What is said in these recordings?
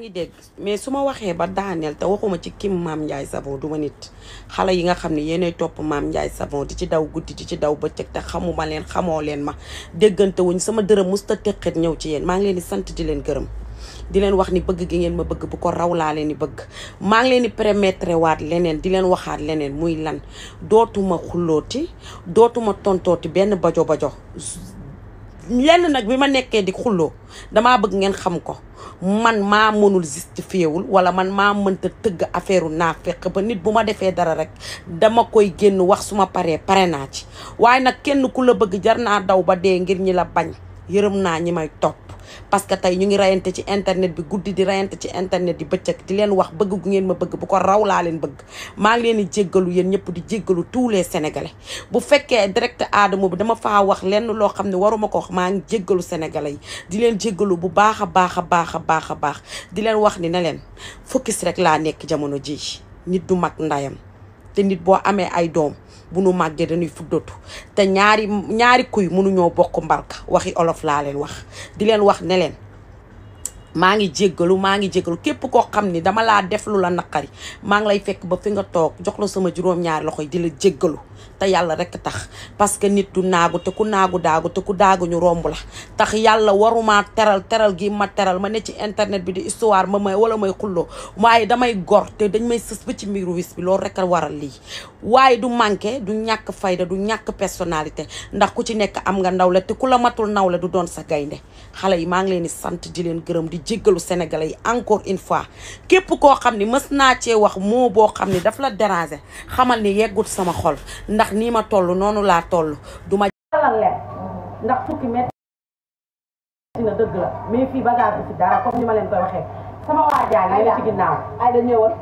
ngi dégg mais su ma waxee ba daaneel te waxuma ci kim maam Ndiaye Savon du ma nit xale yi nga xam ne yéenay topp maam Ndiaye Savon di ci daw guddi di ci daw bëccëg te xamuma leen xamoo leen ma déggante wuñ sama dërëm musta teqet ñëw ci yéen maa ngi leen di sant di leen gërëm di leen wax ni bëgg gi ngeen ma bëgg bu ko raw laa leen di bëgg maa ngi leen di permettre waat leneen di leen waxaat leneen muy lan dootuma xullooti dootuma tontooti benn bajo bajo yenn nag bi ma nekkee di xuloo damaa bëgg ngeen xam ko man maa mënul justifié wul wala man maa mënta tëgg affaire naa fekk ba nit bu ma defee dara rek dama koy génn wax su ma paree pare naa ci waaye nag kenn ku la bëgg jar naa daw ba dee ngir ñi la bañ yërëm naa ñi may topp parce que tey ñu ngi reyante ci internet bi guddi di rayante ci internet yi bëccëg di leen wax bëgg gu ngeen ma bëgg bu ko raw laa leen bëgg maa ngi leen di jéggalu yéen ñëpp di jéggalu tous les sénégalais bu fekkee direct Adamo bi dama fa wax lenn loo xam ne waruma ko wax maa ngi jéggalu sénégalais yi di leen jéggalu bu baax a baax a baax a baax a baax di leen wax ni na leen focus rek laa nekk jamono ji nit du mag ndayam te nit boo amee ay doom bu nu màggee dañuy fuddatu te ñaari ñaari kuy mënuñoo bokk mbalka waxi olof laa leen wax di leen wax ne leen maa ngi jéggalu maa ngi jéggalu képp koo xam ni dama laa def lu la naqari maa ngi lay fekk ba fi nga toog jox la sama juróom-ñaari loxo yi di la jéggalu te yàlla rek tax parce que nit du naagu te ku naagu daagu te ku daagu ñu romb la tax yàlla waruma teral teral gi ma teral ma ne ci internet bi di histoire ma may wala may xulloo waaye damay gor te dañ may sës ba ci mbiru wis loolu rek waral lii waaye du manqué du ñàkk fayda du ñàkk personnalité ndax ku ci nekk am nga ndaw la te ku matul naw la du doon sa gaynde xale yi maa ngi leen di sant di leen gërëm di jéggalu sénégalais yi encore une fois képp koo xam ni mës naa cee wax moo boo xam ni dafa la déranger xamal ni yeggut sama xol ndax nii ma toll noonu laa toll du jalal leen ndax tukki metti na ci dara ma leen koy waxee sama waa jaa ci ginnaaw ay da ñëwal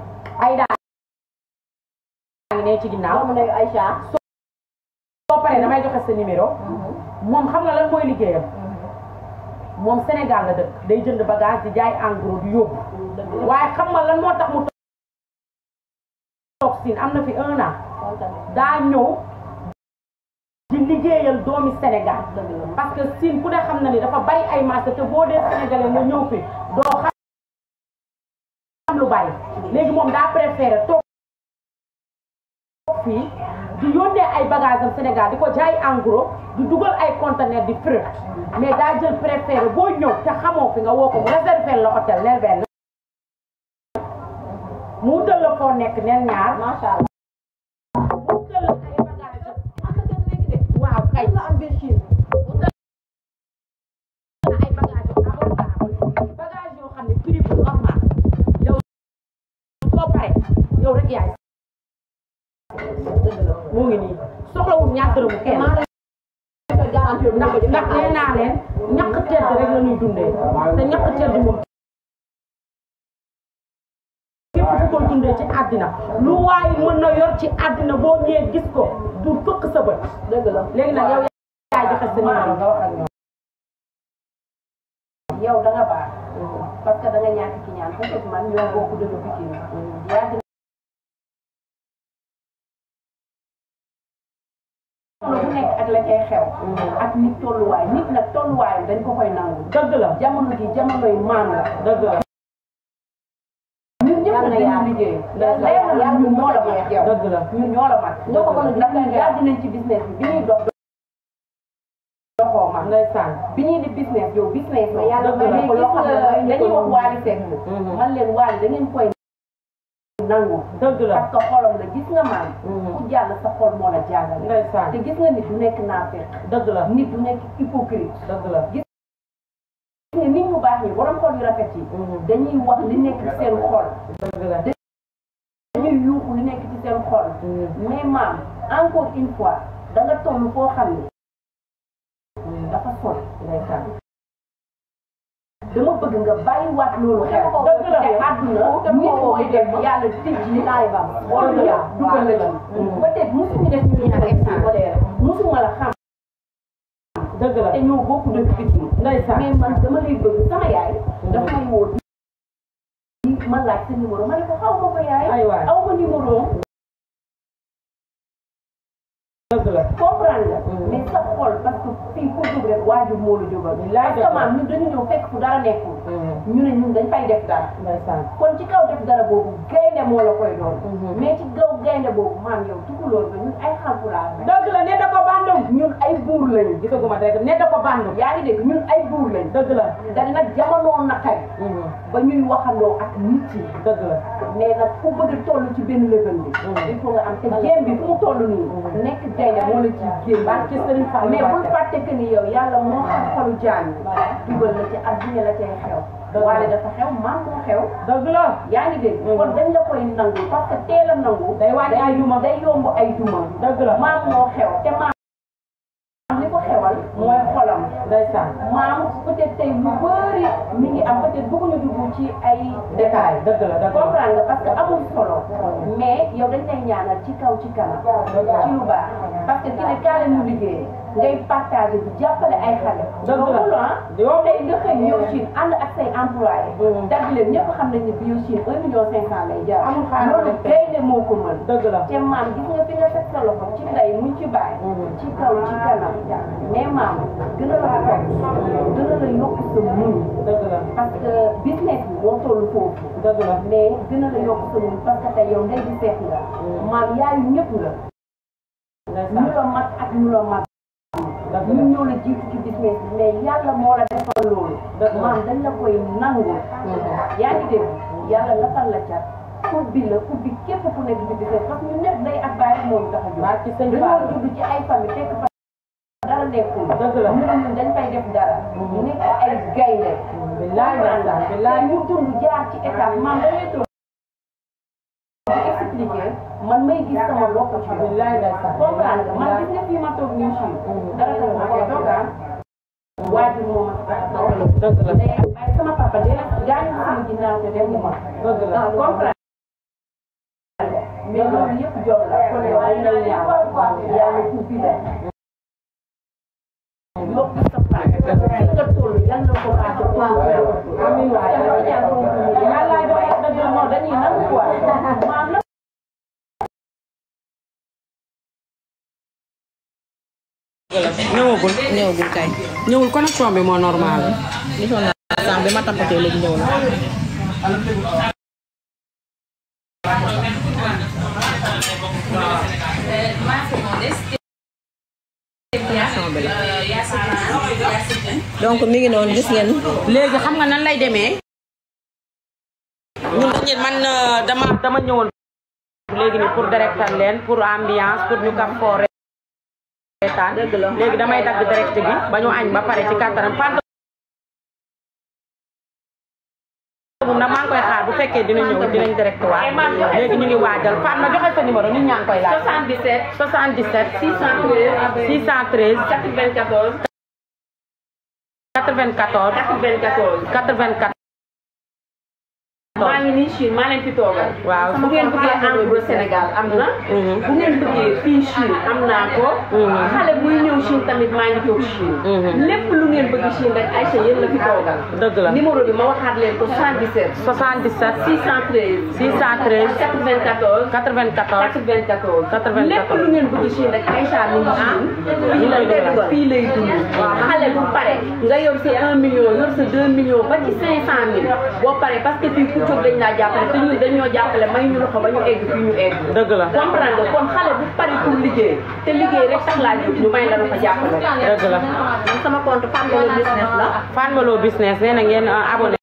ay daa ngi ne ci ginnaaw soo paree damay joxe sa numéro mhm. moom xam nga lan mooy liggéeyam mhm. moom Sénégal la dëkk day jënd bagaas di jaay en gros di yóbbu waaye xam nga lan moo tax mu toog siin am na fi un an daa ñëw di liggéeyal doomi Sénégal parce que siin ku ne xam na ni dafa bari ay marché te boo dee sénégalais nga ñëw fi doo xam lu bari léegi moom daa préféré toog fii di yónnee ay bagages am Sénégal di ko jaay en di dugal ay conteneurs di fret mais daa jël préféré boo ñëw te xamoo fi nga woo ko mu la hôtel neel mu wutal la foo nekk neel ñaar macha allah mu wutal la ay bagages yoo xam ne prix bu normal yow mu ngi nii soxlawul ñaar dërëmu kenn. ndax ndax nee naa leen ñàkk tedd te ñàkk tedd moom. képp ku ko ci àddina lu waaye mën na yor ci àddina boo ñëwee gis ko du fëkk sa bët. dëgg nag yow yaay joxe sa numéro da loolu bu nekk ak la cay xew. ak nit tolluwaay nit nag tolluwaay dañ ko koy nangu. dëgg la jamono ji jamonoy maan la. dëgg la. ñun ñëpp dañuy liggéey. dëgg la yàlla ñun ñoo la mag yow. dëgg la ñun ñoo la mag. ñoo ko mën ndax yàgg nañ ci business bi bi ñuy dox. doxoo ma ndeysaan bi ñuy di business yow business la. yàlla may ko loo xam ne dañuy wax waali seet mm-hmm. man leen waali da ngeen koy. nangu dëgg la parce que gis nga maam mm. ku jàll sa xol moo la jàngale te gis nga nit du nekk naafeq dëgg la nit du nekk hypocrite gis nga nit ñu baax ñi borom xol yu rafet yi mm. dañuy wax li nekk ci seen xol dëgg la dañuy yuuxu li nekk ci seen xol mm. mais maam encore une xam dama bëgg nga bàyyiwaat loolu xel. dëgg la àdduna nit mooy def yàlla tijji laayibam. la ci. peut-être mm. mosuñu def la xam. dëgg te ñoo bokk dëkk bi. ndeysaan mais man dama lay bëgg sama yaay. dafa may woo. man laaj sa numéro ma ne ko xaw ma ko waajur moo la jógal. parce que maam ñun dañu ñëw fekk fu dara ñu ne ñun dañ fay def dara. kon ci kaw def dara boobu gaynde moo la koy doon. Mhm. mais ci gaw gaynde boobu maam yow tukulóor ba ñun ay xalpulaar la. dëgg la ne da ko bandum ñun ay buur lañu di ko guma rek ne da ko bandum yaa ngi dégg ñun ay buur lañu. dëgg la dañ nag jamono naqari. Mhm. ba ñuy waxandoo ak nit yi. dëgg la mais nag ku bëgg toll ci benn level bi. Mhm. il faut nga am te jéem bi fu mu toll nii. nekk gaynde moo la ciy jéem. barke Sëriñ Fall mais bul fàtte que ni yow yàlla moo xam xolu jaam yi. dugal la ci la waale dafa xew man moo xew dëgg la yaa ngi dégg mm. kon dañ la koy nangu parce que teel a nangu day waaj ay juma day yomb ay juma dëgg la maam moo xew te maam li ko xewal mooy xolam ndeysaan maam peut être tey lu bëri mi ngi am peut être bëgguñu dugg ci ay détails dëgg la dëgg la comprendre nga parce que amul solo mais yow dañ lay ñaanal ci kaw ci kanam ci lu baax parce que ki ne kaale ñu liggéey ngay partagé di ay xale. loolu ah. tey nga xëy Biosine ànd ak say employé. Mm. dagg leen ñëpp xam nañ ne Biosine un million cinq cent lay jaar. amul xaalis loolu gaynde moo ko mën. dëgg la te maam gis mu ci bàyyi. Mm. ci kaw ci kanam. mais maam gën a la ko gën a la yokk sa muñ. dëgg la parce que business bi moo toll foofu. dëgg la mais gën a la yokk sa muñ parce que mm. ak ñu la ñu ñëw la jiitu ci bis mais yàlla moo la a loolu maam dañ la koy nangul yaa ngi dégg yàlla lafal la cat ubbi la ubbi képp ku nekk day ak bàyyi moom tax a jóg dañoo judd ci ay famille fekk fa dara nekkul ñun dañ fay def dara nekk ay gaynde laaj la ñu dund jaar ci étape maam dañuy damay gis sama bopp ci loolu. comprendre man gis nga fii ma toog nii fii. dara tax ma koy toogaan. waajur moo ma dëgg la mais sama papa de gaañu sama ginnaaw te dem ma. dëgg la comprendre. mais loolu yëpp jot la kon waaye na yàlla tuuti la. mbokk sa paa. dëgg la dëgg la toll yàlla na ko baax a toll. amiin waay. ñëwagul ñëwagul kay ñëwul connexion bi normal gisoon naa sam ma donc mi ngi gis ngeen xam nga nan lay man eh, dama dama ni pour directal pour ambiance pour ñu reetaan léegi damay dagg direct bi ba ñu añ ba pare ci kàttanam fanta boobu nag maa koy xaar bu fekkee dina ñëw dinañ direct waat léegi ñu ngi waajal fan ma joxe sa numéro nit ñaa koy laaj 77 77 613 613 94 94 94 maa ngi nii Chine maa leen fi toogal. waaw bu ngeen bëggee engrais Sénégal am na. Mhm. bu ngeen bëggee fii Chine am naa ko. Mhm. xale buy ñëw Chine tamit maa ngi toog Chine. Mhm. lépp lu ngeen bëgg Chine rek Aïcha yéen la fi toogal. dëgg la numéro bi ma waxaat leen ko 77. 77 613. 613 94. 94 94. lépp lu ngeen bëgg Chine rek Aïcha mi ngi Chine. Ah. fii lay dund fii lay dund. waaw xale bu pare nga yor sa 1 million yor sa 2 millions ba ci 500 mille boo pare parce que fii. toujours dañ laa jàppale te ñun dañoo jàppale may ñu loxo ba dëgg la comprendre kon xale bu pare pour liggéey te liggéey rek tax laa jóg ñu may la loxo jàppale dëgg la sama compte Fatma Lo business la Fatma Lo business nee na ngeen ah, abonné